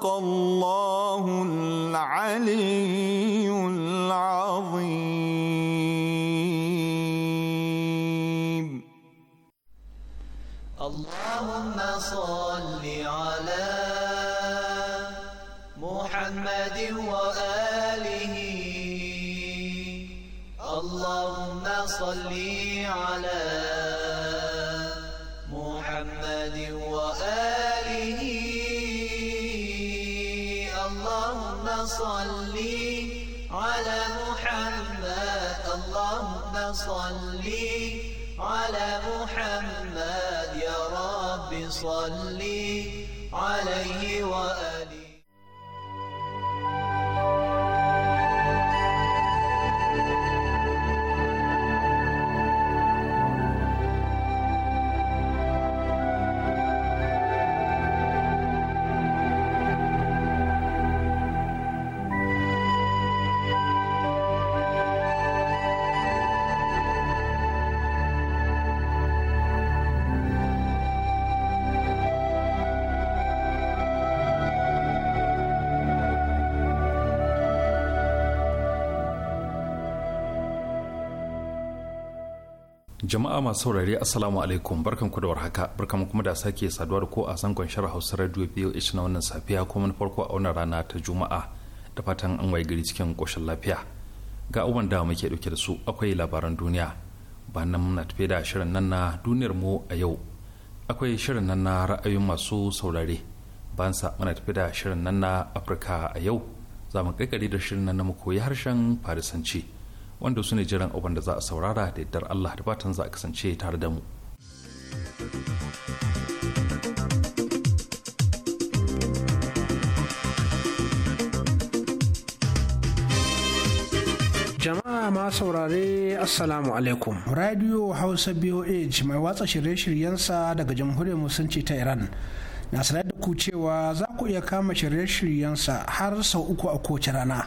صدق الله العليم صل على محمد يا رب صل عليه وآله jama'a masu saurari assalamu alaikum barkan ku da warhaka barkan kuma da sake saduwa da ko a sangon shara hausa radio voh na wannan safiya kuma na farko a wannan rana ta juma'a da fatan an waye gari cikin koshin lafiya ga abubuwan da muke dauke da su akwai labaran duniya ba nan muna tafe da shirin nan na duniyar mu a yau akwai shirin nan na ra'ayoyin masu saurare ban sa muna tafe da shirin nan na afirka a yau za mu kai da shirin nan na mu koyi harshen farisanci wanda su ne jiran abin da za a saurara da yadda Allah da fatan za a kasance tare da mu. Jama'a ma saurare Assalamu alaikum. Radio Hausa BOH mai watsa shirye-shiryensa daga Jamhuriyar Musulunci ta Iran. Na sanar da ku cewa za ku iya kama shirye-shiryensa har sau uku a kowace rana.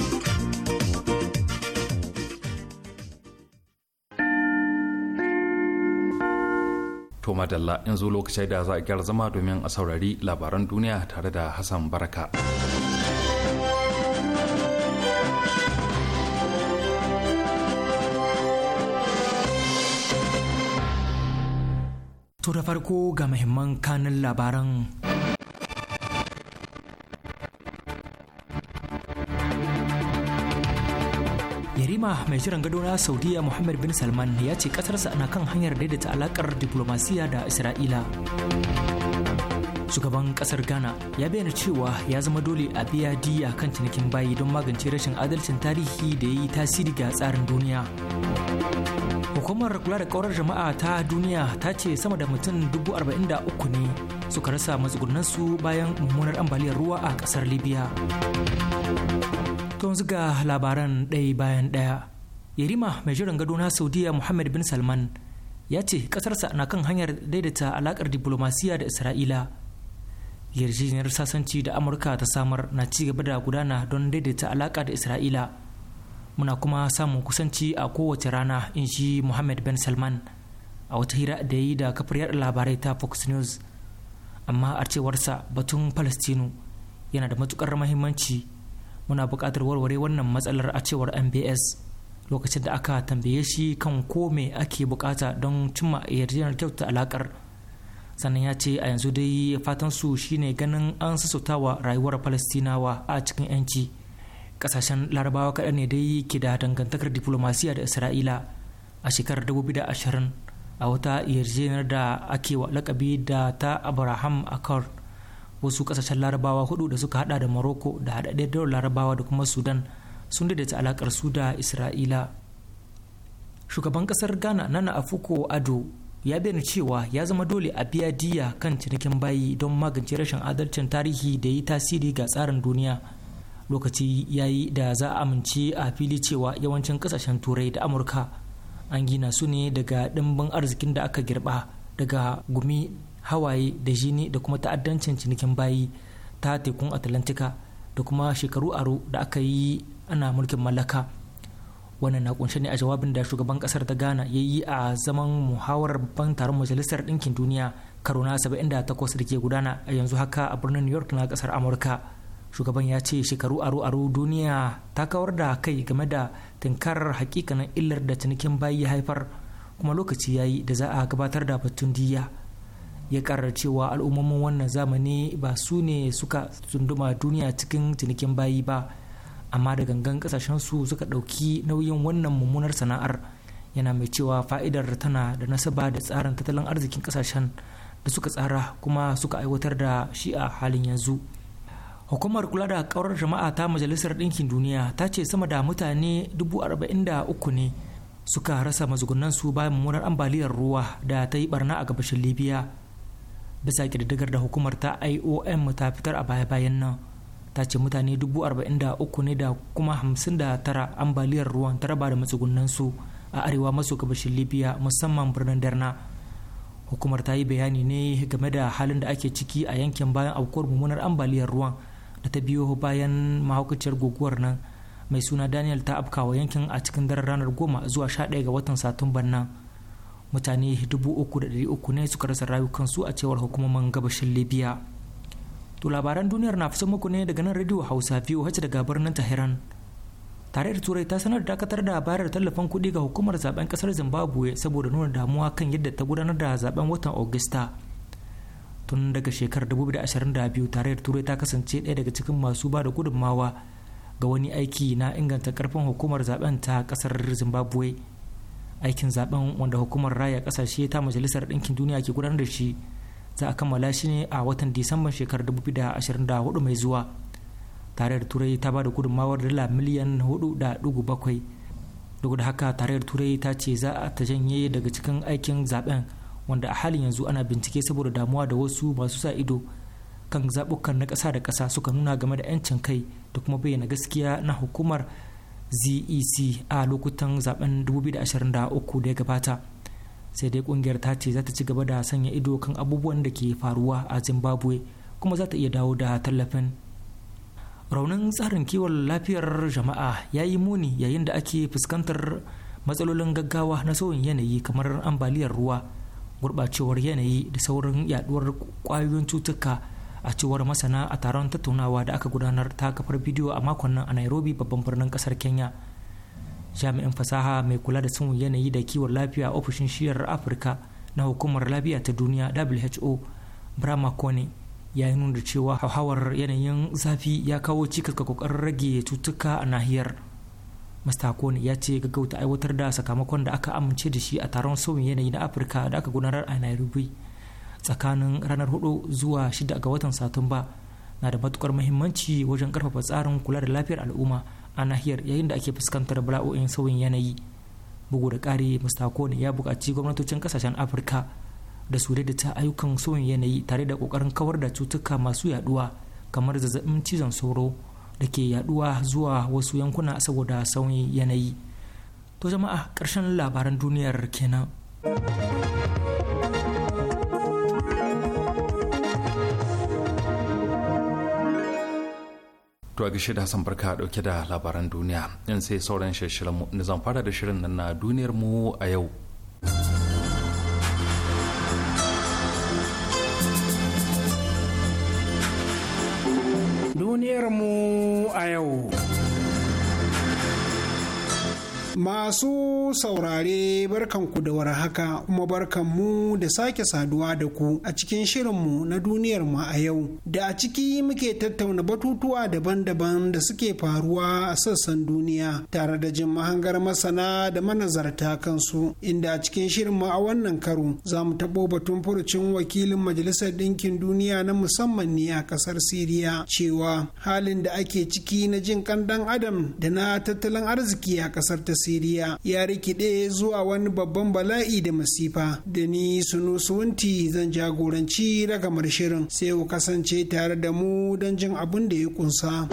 To in yanzu lokacin da za a gyara zama domin a saurari labaran duniya tare da Hassan Baraka. To da farko ga mahimman kanin labaran. Halima mai jiran gado na saudiya muhammad bin salman ya ce kasarsa na kan hanyar daidaita alakar diplomasiya da isra'ila shugaban kasar ghana ya bayyana cewa ya zama dole a biya diya kan cinikin bayi don magance rashin adalcin tarihi da ya yi tasiri ga tsarin duniya hukumar kula da kaurar jama'a ta duniya ta ce sama da mutum dubu arba'in da uku ne suka rasa matsugunansu bayan mummunar ambaliyar ruwa a kasar libya tun ga labaran ɗaya bayan ɗaya yarima mai jiran gado na saudiya muhammad bin salman ya ce ƙasarsa na kan hanyar daidaita alaƙar diplomasiya da isra'ila yarjejeniyar sasanci da amurka ta samar na ci gaba da gudana don daidaita alaƙa da isra'ila muna kuma samun kusanci a kowace rana in shi muhammad bin salman a wata hira da ya yi da kafar yada labarai ta fox news amma a cewarsa batun palestinu yana da matukar mahimmanci muna buƙatar warware wannan matsalar a cewar mbs lokacin da aka tambaye shi kan ko me ake bukata don cimma yarjejeniyar kyauta alakar sannan ya ce a yanzu dai fatan su shine ganin an sassautawa rayuwar falastinawa a cikin yanci kasashen larabawa kaɗan ne dai ke da dangantakar diplomasiya da isra'ila a shekarar 2020 a wata yarjejeniyar da ake wa lakabi da ta abraham accord wasu kasashen larabawa hudu da suka hada da morocco da haɗaɗɗiyar daular larabawa da kuma sudan sun daidaita alakar su da isra'ila shugaban kasar ghana nana afuko ado ya bayyana cewa ya zama dole a biya diya kan cinikin bayi don magance rashin adalcin tarihi da yi tasiri ga tsarin duniya lokaci ya yi da za a amince a fili cewa yawancin kasashen turai da amurka an gina su ne daga ɗimbin arzikin da aka girba daga gumi hawaye da jini da kuma ta'addancin cinikin bayi ta tekun atlantika da kuma shekaru aro da aka yi ana mulkin mallaka wannan na kunshe ne a jawabin da shugaban kasar ta ghana ya yi a zaman muhawarar babban taron majalisar ɗinkin duniya karo na 78 da ke gudana a yanzu haka a birnin new york na kasar amurka shugaban ya ce shekaru aro aro duniya ta kawar da kai game da tinkarar hakikanin illar da cinikin bayi haifar kuma lokaci ya yi da za a gabatar da batun diya ya karar cewa al'ummomin wannan zamani ba su ne suka tsunduma duniya cikin cinikin bayi ba amma da gangan kasashen su suka ɗauki nauyin wannan mummunar sana'ar yana mai cewa fa'idar tana da nasaba da tsarin tattalin arzikin kasashen da suka tsara kuma suka aiwatar da shi a halin yanzu hukumar kula da kawar jama'a ta majalisar ɗinkin duniya ta ce sama da mutane uku ne suka rasa mazugunan su bayan mummunar ambaliyar ruwa da ta yi barna a gabashin libya bisa ƙididdigar da hukumar ta iom ta fitar a baya-bayan nan ta ce mutane dubu arba'in da uku ne da kuma hamsin tara ambaliyar ruwan ta raba da matsugunan su a arewa maso gabashin libya musamman birnin darna hukumar ta yi bayani ne game da halin da ake ciki a yankin bayan aukuwar mummunar ambaliyar ruwan da ta biyo bayan mahaukaciyar guguwar nan mai suna daniel ta afkawa yankin a cikin daren ranar goma zuwa sha ga watan satumban nan mutane 3,300 ne suka rasa su a cewar hukumomin gabashin libya to labaran duniyar na fusa muku ne daga nan radio hausa biyu hace daga birnin tahiran tarayyar turai ta sanar da dakatar da bayar tallafin kuɗi ga hukumar zaben kasar zimbabwe saboda nuna damuwa kan yadda ta gudanar da zaben watan augusta tun daga shekarar 2022 tarayyar turai ta kasance ɗaya daga cikin masu ba da gudunmawa ga wani aiki na inganta karfin hukumar zaben ta kasar zimbabwe aikin zaben wanda hukumar raya kasashe ta majalisar ɗinkin duniya ke gudanar da shi za a kammala shi ne a watan disamban shekarar 2024 mai zuwa tarayyar turai ta ba da gudunmawar dala miliyan 4.7 duk da haka tarayyar turai ta ce za a ta janye daga cikin aikin zaben wanda a halin yanzu ana bincike saboda damuwa da wasu masu sa ido kan zaɓukan na ƙasa da kasa suka nuna game da 'yancin kai da kuma bayyana gaskiya na hukumar zec a lokutan zaben 2023 da ya gabata sai dai kungiyar ta ce za ta ci gaba da sanya ido kan abubuwan da ke faruwa a zimbabwe kuma za ta iya dawo da tallafin raunin tsarin kiwon lafiyar jama'a ya yi muni yayin da ake fuskantar matsalolin gaggawa na sauyin yanayi kamar ambaliyar ruwa gurɓacewar yanayi da saurin yaduwar kwayoyin cutuka a cewar masana a taron tattaunawa da aka gudanar ta kafar bidiyo a makon nan a nairobi babban birnin kasar kenya jami'in fasaha mai kula da sun yanayi da kiwon lafiya a ofishin shiyar afirka na hukumar lafiya ta duniya who brahma kone ya yi nuna cewa hauhawar yanayin zafi ya kawo cikas ga kokarin rage cutuka a nahiyar mista kone ya ce gaggauta aiwatar da sakamakon da aka amince da shi a taron sauyin yanayi na afirka da aka gudanar a nairobi tsakanin ranar 4 zuwa 6 ga watan satumba na da matukar muhimmanci wajen karfafa tsarin kula da lafiyar al'umma a nahiyar yayin da ake fuskantar bala'o'in sauyin yanayi bugu da ƙari mustakone ya buƙaci gwamnatocin kasashen afirka da su daidaita ayyukan sauyin yanayi tare da ƙoƙarin kawar da cutuka masu yaduwa kamar zazzabin cizon sauro da ke yaduwa zuwa wasu yankuna saboda sauyin yanayi to jama'a ƙarshen labaran duniyar kenan. To a gashi da Hassan Barka dauke da labaran duniya. in sai sauran shirin mu da zan fara da shirin nan na duniyar mu a yau. Duniyar mu a yau. Masu saurare barkanku da warhaka kuma barkanmu da sake saduwa da ku a cikin shirin mu na duniyar mu a yau da a ciki muke tattauna batutuwa daban-daban da suke faruwa a sassan duniya tare da jin mahangar masana da manazarta kansu inda a cikin mu a wannan karo za mu taɓo batun furucin wakilin majalisar ɗinkin duniya na musamman ne a ƙasar Siriya cewa halin da ake ciki na jin kan adam da na tattalin arziki a ƙasar ta siriya ya rikide zuwa wani babban bala'i da masifa da ni sunu suwunti zan jagoranci ragamar shirin sai ku kasance tare da mu don jin abin da ya kunsa.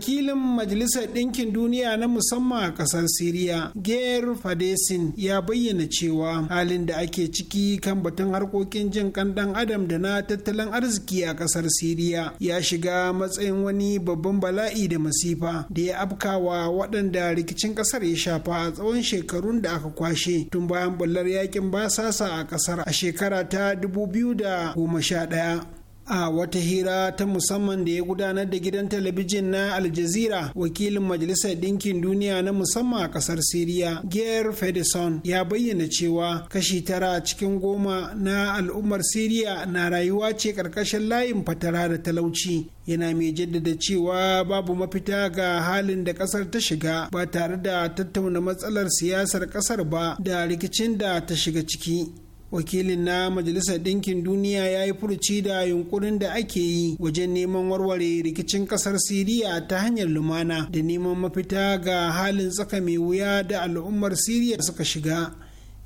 wakilin majalisar ɗinkin duniya na musamman a ƙasar siriya ger fadesin ya bayyana cewa halin da ake ciki kan batun harkokin jin kan adam da na tattalin arziki a ƙasar siriya ya shiga matsayin wani babban bala'i da masifa da ya afkawa waɗanda rikicin ƙasar ya shafa a tsawon shekarun da aka kwashe tun bayan bullar yakin basasa a ƙasar a shekara ta dubu biyu da goma sha ɗaya. a wata hira ta musamman da ya gudanar da gidan talabijin na aljazira wakilin majalisar ɗinkin duniya na musamman a ƙasar siriya ger fedison ya bayyana cewa kashi tara cikin goma na al'ummar siriya na rayuwa ce ƙarƙashin layin fatara da talauci yana mai jaddada cewa babu mafita ga halin da ƙasar ta shiga ba tare da tattauna matsalar siyasar ƙasar ba da rikicin da ta shiga ciki wakilin na majalisar ɗinkin duniya ya yi furuci da yunkurin da ake yi wajen neman warware rikicin ƙasar siriya ta hanyar lumana da neman mafita ga halin tsaka mai wuya da al'ummar siriya suka shiga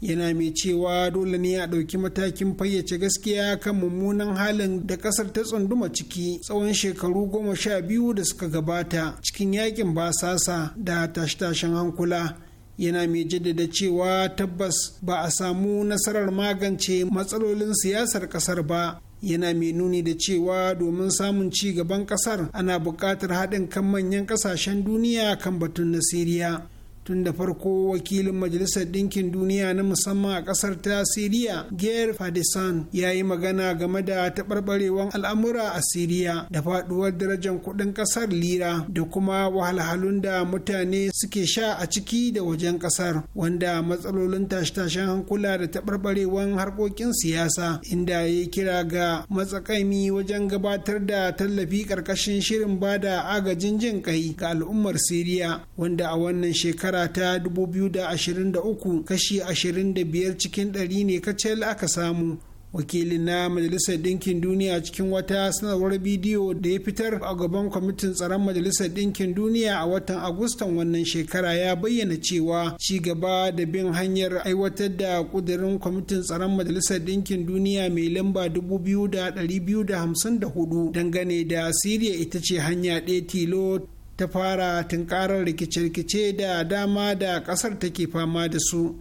yana mai cewa dole ne a ɗauki matakin fayyace gaskiya kan mummunan halin da ƙasar ta tsunduma ciki tsawon shekaru goma sha biyu da suka gabata cikin yakin basasa da tashe-tashen hankula yana mai jaddada cewa tabbas ba a samu nasarar magance matsalolin siyasar kasar ba yana mai nuni da cewa domin samun ci gaban kasar ana buƙatar haɗin kan manyan ƙasashen duniya kan batun na siriya tun da farko wakilin majalisar ɗinkin duniya na musamman a ƙasar ta siriya ger fadisan ya yi magana game da taɓarɓarewar al'amura a siriya da faɗuwar darajar kuɗin ƙasar lira da kuma wahalhalun da mutane suke sha a ciki da wajen ƙasar wanda matsalolin tashe-tashen hankula da taɓarɓarewar harkokin siyasa inda ya kira ga matsakaimi wajen gabatar da tallafi ƙarƙashin shirin bada agajin jin kai ga al'ummar siriya wanda a wannan shekara shekara ta 2023 kashi 25 cikin 100 ne kacal aka samu wakilin na majalisar ɗinkin duniya cikin wata sanarwar bidiyo da ya fitar a gaban kwamitin tsaron majalisar ɗinkin duniya a watan agustan wannan shekara ya bayyana cewa ci gaba da bin hanyar aiwatar da kudirin kwamitin tsaron majalisar ɗinkin duniya mai lamba 2254 dangane da siriya ita ce hanya ɗaya tilo ta fara tunkarar rikice-rikice da dama da kasar take fama da su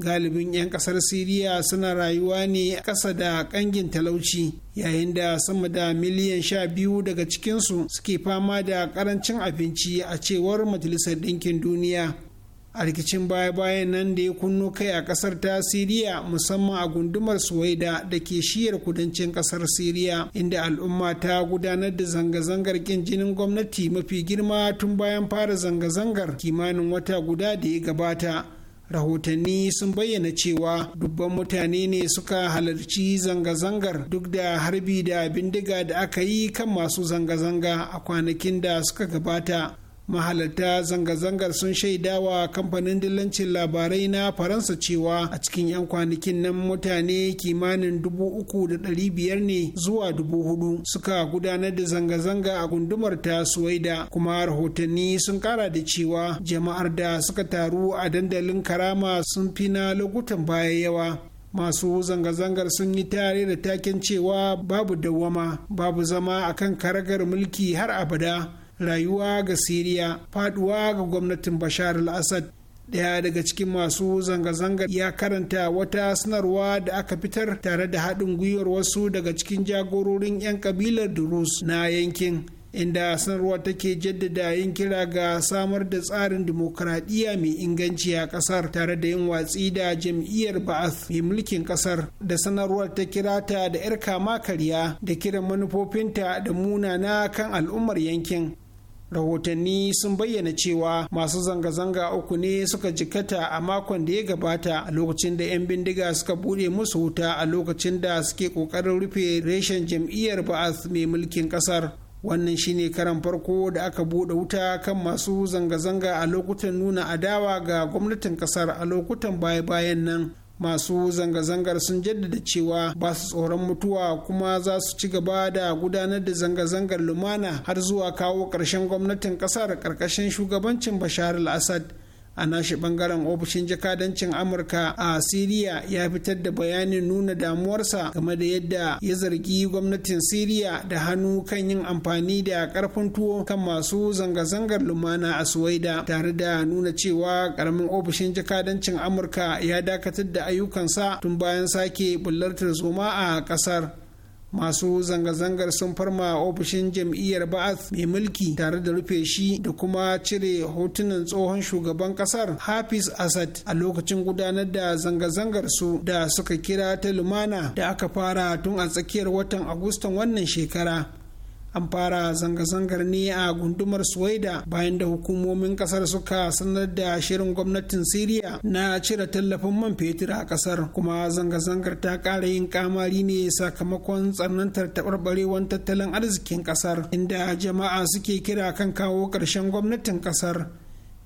galibin 'yan kasar siriya suna rayuwa ne a ƙasa da ƙangin talauci yayin da sama da miliyan sha biyu daga cikinsu suke fama da ƙarancin abinci a cewar majalisar ɗinkin duniya a rikicin baya-bayan nan da ya kunno kai a kasar ta siriya musamman a gundumar suwaida da ke shiyar kudancin kasar siriya inda al'umma ta gudanar da zanga-zangar kin jinin gwamnati mafi girma tun bayan fara zanga-zangar kimanin wata guda da ya gabata rahotanni sun bayyana cewa dubban mutane ne suka halarci zanga-zangar duk da harbi da bindiga da aka yi kan masu zanga-zanga a kwanakin da suka gabata mahalarta zanga-zangar sun shaida wa kamfanin dillancin labarai na faransa cewa a cikin 'yan kwanakin nan mutane kimanin dubu uku da ɗari biyar ne zuwa dubu hudu suka gudanar da zanga-zanga a gundumar ta suwaida kuma rahotanni sun kara da cewa jama'ar da suka taru a dandalin karama sun fi na lokutan baya yawa masu zanga-zangar sun yi tare da taken cewa babu dawwama babu zama akan karagar mulki har abada rayuwa ga siriya faduwa ga gwamnatin bashar al-assad daya daga cikin masu zanga-zanga ya karanta wata sanarwa da aka fitar tare da haɗin gwiwar wasu daga cikin jagororin 'yan kabilar durus na yankin inda sanarwa take jaddada yin kira ga samar da tsarin dimokuraɗiyya mai inganci a ƙasar tare da yin watsi da jam'iyyar ba'ath mai mulkin ƙasar da sanarwar ta kira ta da 'yar kama karya da kiran manufofinta da munana kan al'ummar yankin rahotanni sun bayyana cewa masu zanga-zanga uku ne suka jikata a makon da ya gabata a lokacin da 'yan bindiga suka bude musu wuta a lokacin da suke kokarin rufe reshen jam'iyyar ba'as mai mulkin kasar wannan shine karan farko da aka bude wuta kan masu zanga-zanga a lokutan nuna adawa ga gwamnatin kasar a lokutan baya-bayan nan masu zanga-zangar sun jaddada cewa ba su tsoron mutuwa kuma za su ci gaba da gudanar da zanga-zangar lumana har zuwa kawo ƙarshen gwamnatin ƙasar ƙarƙashin shugabancin bashar al-assad a nashi bangaren ofishin jakadancin amurka a siriya ya fitar da bayanin nuna damuwarsa game da yadda ya zargi gwamnatin siriya da hannu kan yin amfani da karfin tuwo kan masu zanga-zangar lumana a suwaida tare da nuna cewa karamin ofishin jakadancin amurka ya dakatar da ayyukansa tun bayan sake bullartar zuma a kasar masu zanga-zangar sun farma ofishin jam'iyyar ba'ath mai mulki tare da rufe shi da kuma cire hotunan tsohon shugaban kasar hafiz asad a lokacin gudanar da zanga-zangar su da suka kira ta lumana da aka fara tun a tsakiyar watan agustan wannan shekara an fara zanga-zangar ne a gundumar suwaida bayan da hukumomin kasar suka sanar da shirin gwamnatin siriya na cire tallafin man fetur a kasar kuma zanga-zangar ta kara yin kamari ne sakamakon tsanantar taɓarɓarewar tattalin arzikin kasar inda jama'a suke kira kan kawo ƙarshen gwamnatin kasar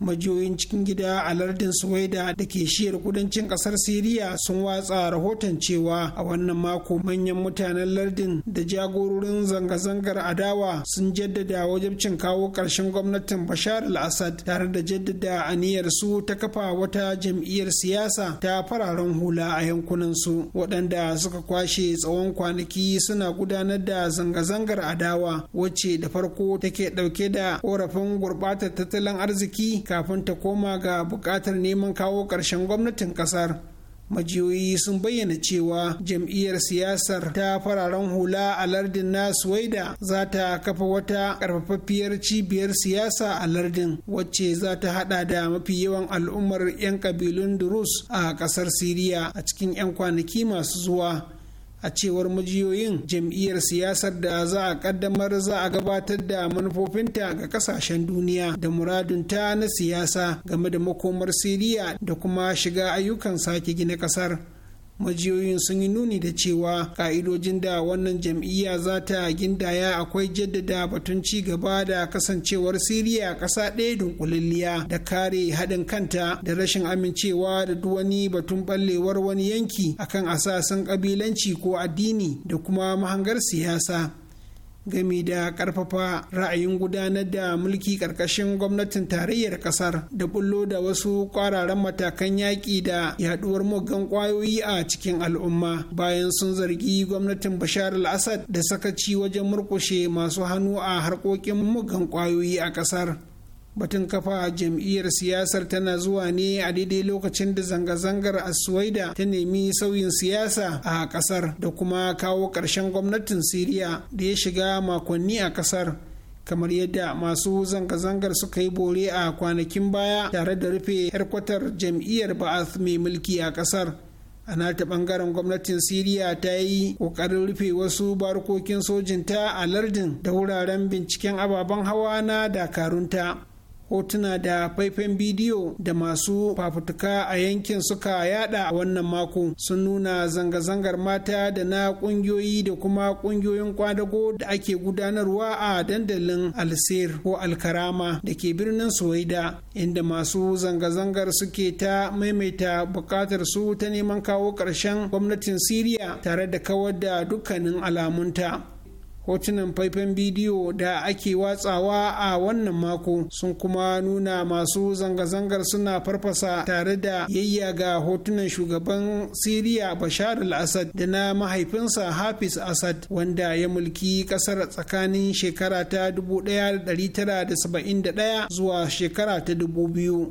majiyoyin cikin gida a lardin suwaida da ke shiyar kudancin kasar siriya sun watsa rahoton cewa a wannan mako manyan mutanen lardin da jagororin zanga-zangar adawa sun jaddada wajen kawo ƙarshen gwamnatin bashar al-assad tare da jaddada aniyar su ta kafa wata jam'iyyar siyasa ta fararen hula a yankunan su waɗanda suka kwashe tsawon kwanaki suna gudanar da zanga-zangar adawa wacce da farko take ɗauke da ƙorafin gurɓatar tattalin arziki kafin ta koma ga buƙatar neman kawo ƙarshen gwamnatin ƙasar majiyoyi sun bayyana cewa jam'iyyar siyasar ta fararen hula a lardin na suwaida za ta kafa wata karfafaffiyar cibiyar siyasa a lardin wacce za ta hada da mafi yawan al'ummar 'yan kabilun durus a ƙasar siriya a cikin 'yan kwanaki masu zuwa a cewar majiyoyin jam'iyyar siyasar da za a kaddamar za a gabatar da manufofinta ga kasashen duniya da muradunta na siyasa game da makomar siriya da kuma shiga ayyukan sake gina kasar majiyoyin sun yi nuni da cewa ka'idojin da wannan jam'iyya za ta gindaya akwai jaddada batun ci gaba da kasancewar siriya ƙasa ɗaya dunkulilliya da kare haɗin kanta da rashin amincewa da duk wani batun ɓallewar wani yanki akan asasin ƙabilanci ko addini da kuma mahangar siyasa gami da karfafa ra'ayin gudanar da mulki karkashin gwamnatin tarayyar kasar da bullo da wasu kwararan matakan yaƙi da yaduwar muggan kwayoyi a cikin al'umma bayan sun zargi gwamnatin bashar al-assad da sakaci wajen murkushe masu hannu a harkokin muggan kwayoyi a kasar batun kafa jam'iyyar siyasar tana zuwa ne a daidai lokacin da zanga-zangar aswaida ta nemi sauyin siyasa a kasar da kuma kawo ƙarshen gwamnatin siriya da ya shiga makonni a kasar kamar yadda masu zanga-zangar suka yi bore a kwanakin baya tare da rufe harkwatar jam'iyyar ba'ath mai mulki a kasar a nata bangaren gwamnatin siriya ta yi kokarin rufe wasu barkokin sojinta a lardin da wuraren binciken ababen hawa na dakarunta hotuna da faifan bidiyo da masu fafutuka a yankin suka yada a wannan mako sun nuna zanga-zangar mata da na kungiyoyi da kuma kungiyoyin kwadago da ake gudanarwa a dandalin alsir ko alkarama da ke birnin soyida inda masu zanga-zangar suke ta maimaita bukatar su ta neman kawo ƙarshen gwamnatin siriya tare da kawar da dukkanin alamunta hotunan faifan bidiyo da ake watsawa a wannan mako sun kuma nuna masu zanga-zangar suna farfasa tare da yayya ga hotunan shugaban siriya bashar al-assad da na mahaifinsa hafiz assad wanda ya mulki kasar tsakanin shekara ta 1971 zuwa shekara ta 2000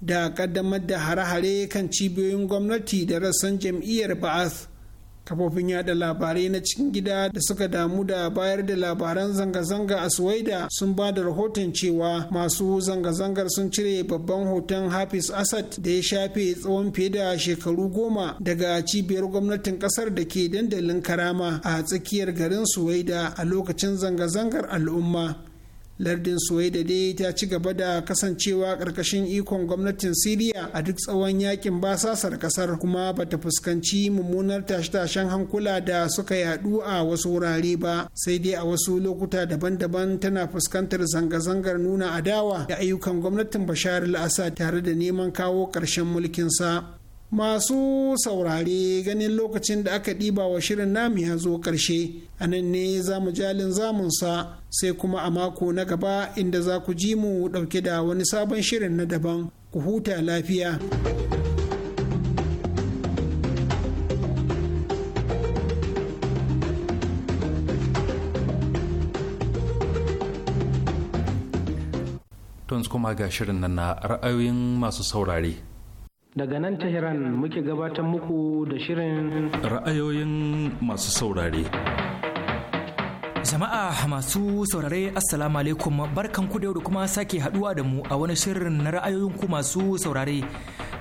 da kaddamar da hare-hare kan cibiyoyin gwamnati da rassan jam'iyyar ba'ath kafofin yada labarai na cikin gida da suka damu da bayar da labaran zanga-zanga a suwaida sun ba da rahoton cewa masu zanga-zangar sun cire babban hoton hafiz asad da ya shafe tsawon fiye da shekaru goma daga cibiyar gwamnatin kasar da ke dandalin karama a tsakiyar garin suwaida a lokacin zanga-zangar al'umma lardin soyayya dai ta ci gaba da kasancewa ƙarƙashin ikon gwamnatin siriya a duk tsawon yakin basasar ƙasar kuma bata fuskanci mummunar tashe-tashen hankula da suka yadu a wasu wurare ba sai dai a wasu lokuta daban-daban tana fuskantar zanga-zangar nuna adawa da ayyukan gwamnatin bashar al-assad tare da neman kawo ƙarshen mulkinsa masu saurare ganin lokacin da aka ɗiba wa shirin namu ya zo ƙarshe a nan ne za mu jalin zamunsa sai kuma a mako na gaba inda za ku ji mu ɗauke da wani sabon shirin na daban ku huta lafiya. Tons kuma ga shirin nan na ra'ayoyin masu saurare. Daga nan Tehran muke gabatar muku da shirin ra'ayoyin masu saurare. Jama'a masu saurare Assalamu alaikum barkan ku da yau da kuma sake haduwa da mu a wani shirin na ra'ayoyin ku masu saurare.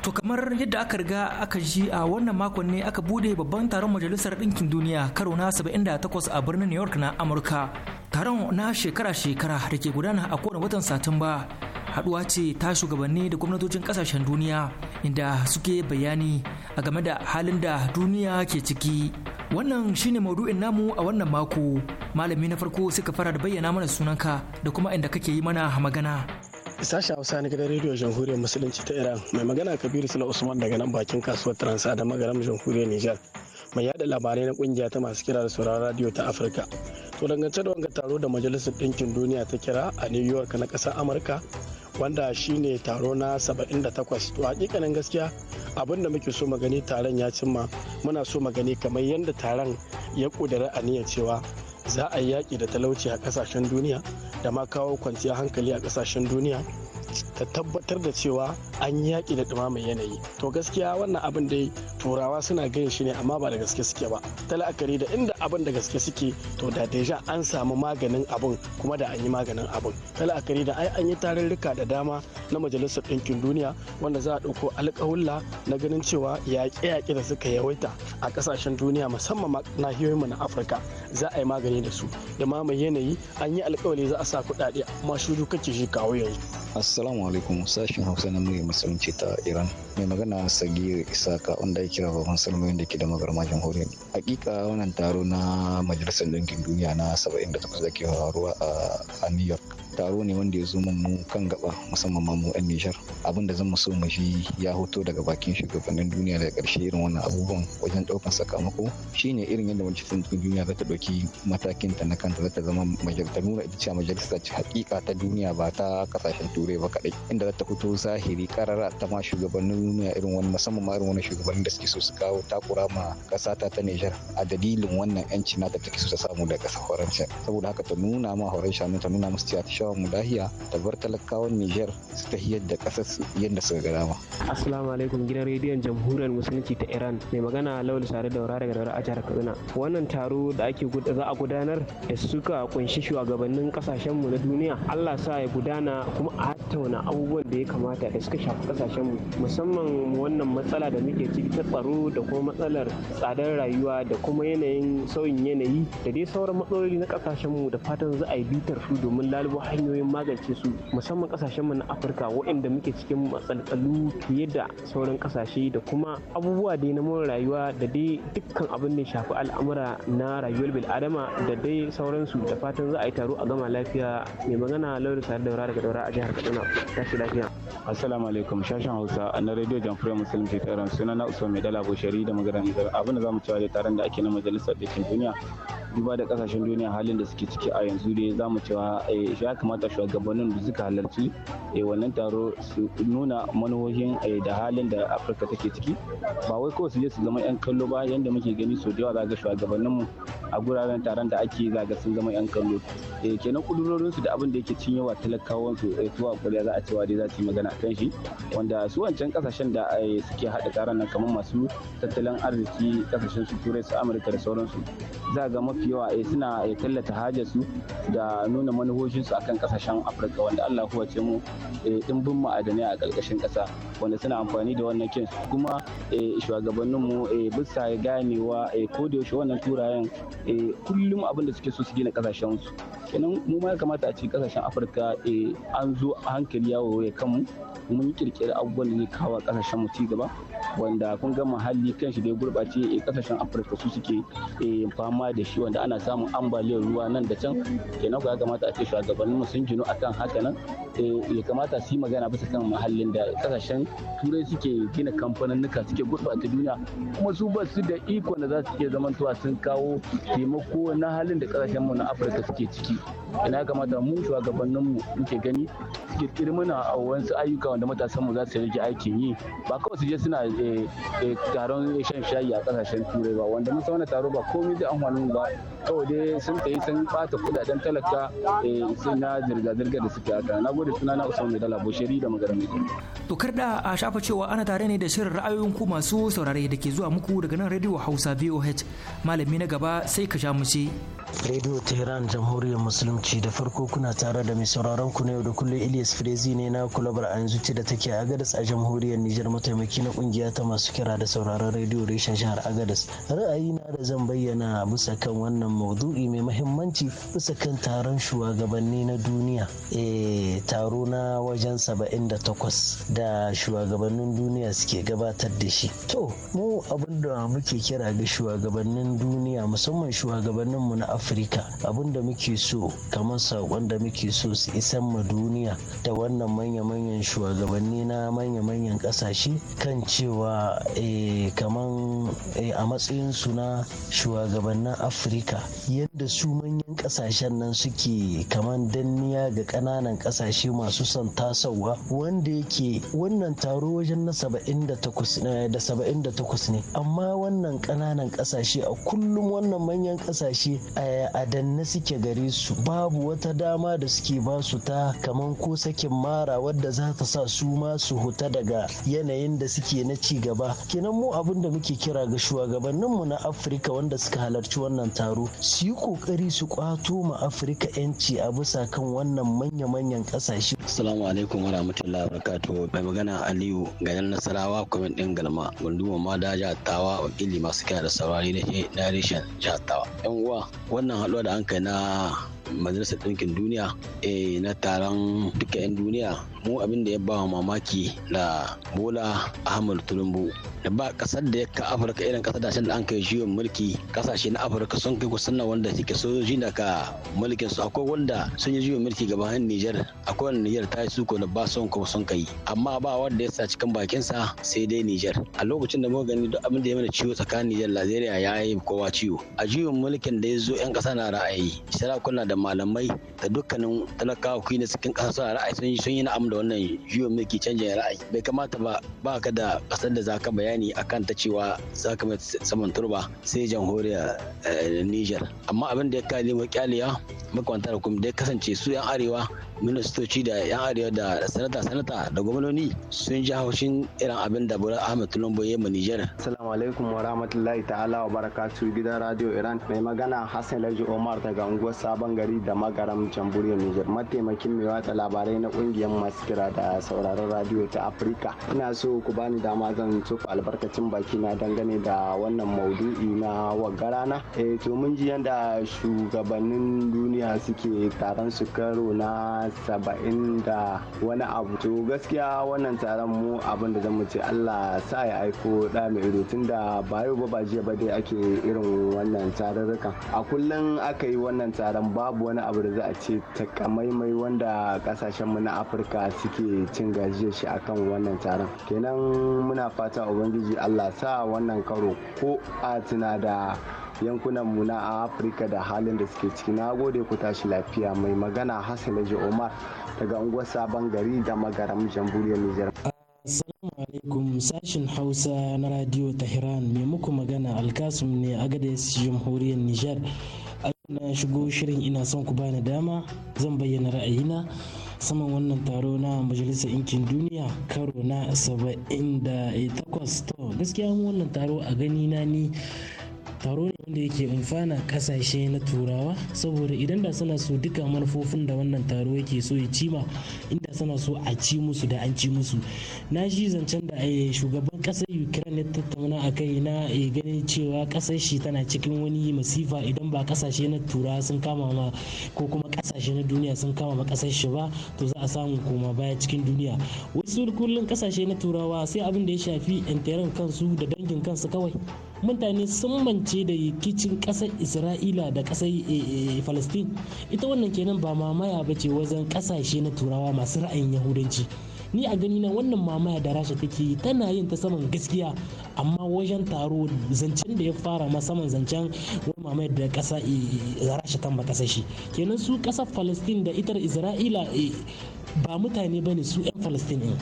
To kamar yadda aka riga aka ji a wannan makon ne aka bude babban taron Majalisar Ɗinkin Duniya karo na 78 a birnin New York na Amurka. Taron na shekara-shekara da ke gudana a kowane watan Satumba. haɗuwa ce ta shugabanni da gwamnatocin kasashen duniya inda suke bayani a game da halin da duniya ke ciki wannan shine maudu'in namu a wannan mako malami na farko suka fara da bayyana mana sunanka da kuma inda kake yi mana magana sashen hausa na gidan rediyo jamhuriyar musulunci ta iran mai magana kabiru sula usman daga nan bakin kasuwar transa da magaram jamhuriyar nijar mai yada labarai na kungiya ta masu kira da sauraron radio ta afirka to dangance da wanga taro da majalisar ɗinkin duniya ta kira a new york na ƙasar amurka wanda shine taro na 78 to hakikanin gaskiya abin da muke so magani taron ya cimma muna so magani kamar yadda taron ya kudura aniyar cewa za a yi yaƙi da talauci a ƙasashen duniya da ma kawo kwanciyar hankali a ƙasashen duniya ta tabbatar da cewa an yaƙi da dumamin yanayi to gaskiya wannan abin dai turawa suna ganin shi ne amma ba da gaske suke ba ta la'akari da inda abin da gaske suke to da deja an samu maganin abin kuma da an yi maganin abin ta la'akari da ai an yi tarurruka da dama na majalisar ɗinkin duniya wanda za a ɗauko alƙawulla na ganin cewa yaƙe-yaƙe da suka yawaita a ƙasashen duniya musamman nahiyoyinmu na afirka za a yi magani da su da yanayi an yi alƙawari za a sa kuɗaɗe amma shiru kake shi kawo yanzu Assalamu alaikum sashen Hausa na murya musulunci ta Iran. Mai magana Sagir Isaka wanda ya kira babban salmoyin da ke da magarma jamhuriyar. Hakika wannan taro na Majalisar dinkin Duniya na 78 da ke faruwa a New York. Taro ne wanda ya zo mu kan gaba musamman ma mu 'yan Nijar. Abin da zan mu so mu shi ya hoto daga bakin shugabannin duniya daga karshe irin wannan abubuwan wajen ɗaukan sakamako Shi ne irin yadda Majalisar Ɗinkin Duniya za ta ɗauki matakin ta na kanta za ta zama majalisar nuna ita ce majalisar Majalisar hakika ta duniya ba ta kasashen turai ba kaɗai inda za ta fito zahiri karara ta ma shugabannin duniya irin wani musamman ma irin wani shugabannin da suke so su kawo takura ma ƙasa ta ta Nijar a dalilin wannan yanci nata take so ta samu daga ƙasar Faransa saboda haka ta nuna ma Faransa shanu ta nuna musu cewa ta shawa mudahiya ta bar talakawan Nijar su ta hiyar da ƙasar su yadda suka ga dama. Assalamu alaikum gidan rediyon jamhuriyar musulunci ta Iran mai magana Lawal Sare da daga Daura a jihar Kaduna wannan taro da ake za a gudanar da suka kunshi shugabannin kasashen mu na duniya Allah sa ya gudana kuma a ta. tattauna abubuwan da ya kamata da suka shafi kasashen mu musamman wannan matsala da muke ciki ta tsaro da kuma matsalar tsadar rayuwa da kuma yanayin sauyin yanayi da dai sauran matsaloli na kasashen mu da fatan za a yi bitar su domin lalubo hanyoyin magance su musamman kasashen mu na Afirka waɗanda muke cikin matsaltsalu fiye da sauran kasashe da kuma abubuwa dai na mun rayuwa da dai dukkan abin da shafi al'amura na rayuwar bil'adama da dai sauransu da fatan za a yi taro a gama lafiya mai magana lauri sa'ad daura daga daura a jihar Kaduna. tashi lafiya assalamu alaikum shashin hausa na radio jamhuriyar musulunci ke iran suna na usman mai dala bushari da magana nigar abin da zamu cewa da taron da ake na majalisar dakin duniya duba da kasashen duniya halin da suke ciki a yanzu dai zamu cewa eh, ya kamata shugabannin da suka halarci eh, wannan taro su nuna manohohin eh, da halin da afirka take ciki ba wai kawai su je su zama yan kallo ba yanda muke gani sau da yawa zaga shugabanninmu a guraren taron da ake zaga sun zama yan kallo kenan kudurorinsu da abin da yake cinyewa talakawansu tuwa kuriya da za a cewa dai za su yi magana a kan shi wanda su wancan kasashen da suke haɗa karan nan kamar masu tattalin arziki kasashen su turai su amurka da sauransu za ga mafi yawa eh, suna eh, tallata haja su da nuna manufofin su akan kasashen afirka wanda allah kuwa ce mu eh, in bin ma'adanai a ƙarƙashin ƙasa wanda suna amfani da wannan kin kuma shugabanninmu bisa ganewa ko da yaushe wannan turayen kullum abin da suke so su gina kasashen su kenan mu ma ya kamata a ce kasashen afirka an zo hankali ya kanmu mun yi kirkiri abubuwan da zai kawo kasashen mu ci gaba wanda kun ga muhalli kanshi da ya gurbace a eh, kasashen afirka su suke eh, fama da shi wanda ana samun ambaliyar ruwa nan da can kenan ku ya kamata a ce shugabannin mu sun ginu akan haka nan eh, ya kamata su yi magana bisa kan muhallin da kasashen turai suke gina kamfaninnika suke gurbata duniya kuma su ba su da iko da za su iya zamantawa sun kawo taimako na halin da kasashen mu na afirka suke ciki ina kamata mu shugabannin mu muke gani suke a wasu ayyuka wanda matasan mu za su rage aikin yi ba kawai su je suna eh, eh, taron shan shayi a kasashen turai ba wanda mun san wani taro ba komai zai amfanin ba kawai dai sun tayi sun bata kudaden talaka eh, sun na zirga-zirga da suke aka na gode suna na usman dala bushiri da magarami to da a shafa cewa ana tare ne da shirin ra'ayoyin ku masu saurare da ke zuwa muku daga nan radio hausa voh malami na gaba sai ka sha mu ce radio tehran jamhuriyar musulunci da farko kuna tare da mai sauraron ku na yau da kullum ilyas Frezi ne na kulabar a yanzu ce da take agadas a jamhuriyar nijar mataimaki na kungiya ta masu kira da sauraron rediyo reshen jihar agadas ra'ayina da zan bayyana bisa kan wannan maudu'i mai mahimmanci bisa kan taron shugabanni na duniya eh, taro na wajen saba'in da da shugabannin duniya suke gabatar da shi to mu abin da muke kira ga shugabannin duniya musamman shugabannin mu na afirka abin da muke so kamar saƙon da muke so su isan ma duniya da da wannan manya-manyan shugabanni na manya-manyan kasashe kan cewa eh, kaman eh, a matsayin su na shugabannin afirka yadda su manyan kasashen nan suke kaman danniya ga kananan kasashe masu son tasowa wanda yake wannan taro wajen na 78 eh, ne amma wannan kananan kasashe a kullum wannan manyan kasashe a danne suke gare su babu wata dama da suke ba su ta kaman ko sake aikin mara wadda za ta sa su ma su huta daga yanayin da suke na ci gaba kenan mu abin da muke kira ga shugabanninmu na afirka wanda suka halarci wannan taro su yi kokari su kwato ma afirka yanci a bisa kan wannan manya-manyan kasashe assalamu alaikum warahmatullahi wabarakatuh mai magana aliyu ganin nasarawa kwamin din galma gunduma ma da jatawa wakili masu kira da saurari na reshen jatawa yan uwa wannan haɗuwa da an kai na majalisar ɗinkin duniya eh, na taron duka 'yan duniya mu abin da ya ba mamaki da bola ahmad tulumbu da ba kasar da ka afirka irin kasar da da an kai juyin mulki kasashe na afirka sun kai kusan na wanda suke sojoji da ka mulkin su akwai wanda sun yi juyin mulki hannun niger akwai wanda niger ta yi suko da ba son kuma sun kai amma ba wanda ya sa cikin bakin sa sai dai Nijar. a lokacin da muka gani duk abin da ya mana ciwo tsakanin niger najeriya ya yi kowa ciwo a juyin mulkin da ya zo yan kasa na ra'ayi sarakuna da malamai da dukkanin talakawa kuyi na cikin suna ra'ayi sun sun yi na'am da wannan mai ke canjin ra'ayi bai kamata ba ba ka da kasar da zaka bayani akan ta cewa zaka mai saman turba sai jamhuriyar eh, Niger amma abin da ya kale mu kyaliya makwanta da kuma da ya kasance su yan arewa ministoci da yan arewa da sanata sanata da gwamnoni sun ji haushin irin abin da Bola Ahmed Tinubu ya mu nijar. Niger assalamu alaikum wa rahmatullahi ta'ala wa barakatuh gidan radio Iran mai magana Hassan Laji Omar daga unguwar Sabon Gari da Magaram Jamhuriyar Nijar mataimakin mai watsa labarai na kungiyar masu kira da sauraron radio ta Afirka. Ina so ku bani dama zan tsofa albarkacin baki na dangane da wannan maudu'i na wagarana. E eh, to mun ji yadda shugabannin duniya suke taron su karo na saba'in da wani abu. To gaskiya wannan taron mu abin da zamu ce Allah sa ya aiko da mai ido tunda ba yau ba ba jiya ba dai ake irin wannan tarurrukan. A kullum aka yi wannan taron ba babu wani abu da za a ce takamaimai wanda mu na afirka suke cin gajiyar shi akan wannan taron kenan muna fata ubangiji allah sa wannan karo ko a tuna da yankunan mu na afirka da halin da suke ciki na gode ku tashi lafiya mai magana hasalaji omar daga unguwar sabon gari da magaram jamhuriyar nijar Assalamu alaikum sashin Hausa na Radio Tehran mai muku magana Alkasum ne a gadis jamhuriyar Nijar. na shigo shirin ina son ku bani dama zan bayyana ra'ayina saman wannan taro na majalisar inkin duniya karo na 78 to gaskiya mu wannan taro a gani na ni taro ne wanda yake amfana kasashe na turawa saboda idan da suna so duka manufofin da wannan taro yake so ya cima inda suna so a ci musu da an ci musu na shi zancen da a eh, shugaban kasar ukraine ya tattauna a kai na eh, ganin cewa kasar shi tana cikin wani masifa idan ba kasashe na turawa sun kama ma ko kuma kasashe na duniya sun kama ma kasar shi ba to za a samu koma baya cikin duniya wasu kullum kasashe na turawa sai abin da ya shafi intiran kansu da dangin kansu kawai mutane sun mance da rikicin ƙasar isra'ila da ƙasar eh, eh, falastin ita wannan kenan ba mamaya ba ce wajen ƙasashe na turawa masu ra'ayin yahudanci ni a gani na wannan mamaya da rasha take tana yin ta saman gaskiya amma wajen taro zancen da ya fara ma saman zancen wani mamaya da ƙasa eh, rasha tan ba ƙasashe kenan su ƙasar falastin da itar isra'ila ba mutane ba ne su 'yan falastin ɗin